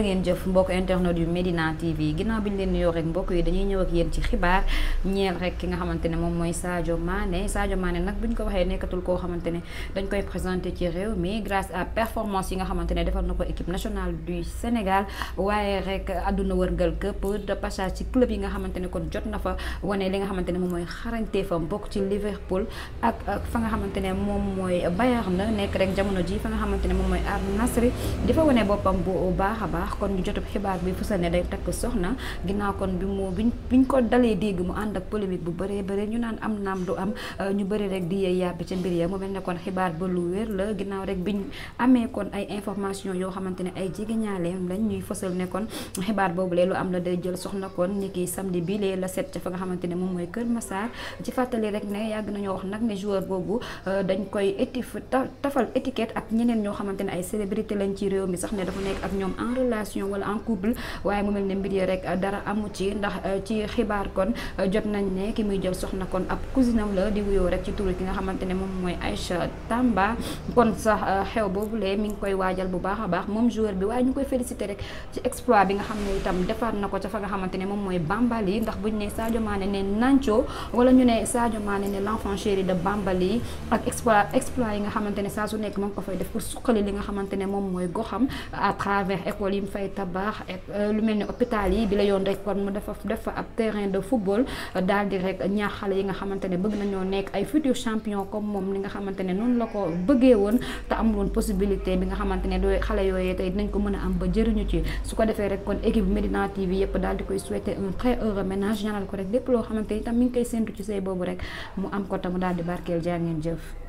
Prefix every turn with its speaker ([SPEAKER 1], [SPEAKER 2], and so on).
[SPEAKER 1] ngeen jëf mbokk internet yu Medina TV ginnaaw bi ñu leen nuyoo rek mbokk yi dañuy ñëw ak yéen ci xibaar ñeel rek ki nga xamante ne moom mooy Sadio Mané Sadio maane nag bu ñu ko waxee nekkatul koo xamante ne dañ koy présenté ci réew mi grâce à performance yi nga xamante ne defar na ko équipe nationale du Sénégal waaye rek àdduna wërngël këpp de passage ci club yi nga xamante ne kon jot na fa wane li nga xamante ne moom mooy xarañteefam bokk ci Liverpool ak fa nga xamante ne moom mooy Bayern nekk rek jamono ji fa nga xamante ne moom mooy Al Nassr boppam bu baax a baax baax kon ñu jotub xibaar bi fësal ne day takk soxna ginnaaw kon bi mu biñ biñ ko dalee dégg mu ànd ak polémique bu bëree bëri ñu naan am naam du am euh, ñu bëri rek di yee yàbbi ca mbir ya mu xibaar ba lu wér la ginnaaw rek biñ amee kon ay information yoo xamante ne ay jegeñaaleem lañ ñuy fësal ne kon xibaar boobu lee lu am la day jël soxna kon ni ki samedi bi lee set ca nga xamante ne moom mooy Kër Massar ci fàttali rek ne yàgg nañoo wax nag ne joueur boobu euh, dañ koy étif tafal étiquette ak ñeneen ñoo xamante ne ay célébrité lañ ci réew mi sax ne dafa nekk ak ñoom en relation wala en couple waaye mu mel ne mbir yi rek dara amu ci ndax euh, ci xibaar kon euh, jot nañ ne ki muy jël soxna kon ab cousinam la di wuyoo rek ci turu ki nga xamante euh, mi ngi koy waajal bu baax a baax moom joueur bi waaye ñu koy félicité rek bi nga xam ne itam defaat na ko ca fa nga xamante ne moom mooy Bambali ndax buñ ne Sadio Mané ne Nacho wala ñu ne Sadio Mané ne l'enfant chéri de Bambali ak exploit exploit yi nga xamante ne saa su nekk moom ko fay def pour suqali li nga xamante moom mooy goxam à travers école yi liñ fay tabaax ak euh, lu mel ni hôpital yi bi la yoon rek kon mu dafa dafa ab terrain de football daal di rek ñaax xale yi nga xamante ne bëgg nañoo nekk ay futur champion comme moom li nga xamante ne noonu la ko bëggee woon te amul woon possibilité bi nga xamante ne doo xale yooyee tey dinañ ko mën a am ba jëriñu ci su ko defee rek kon équipe Medina TV yëpp daal di koy souhaiter un très heureux ménage ñaanal ko rek lépp loo xamante ni tam mi ngi koy séntu ci sëy boobu rek mu am ko te daal di barkeel jaa ngeen jëf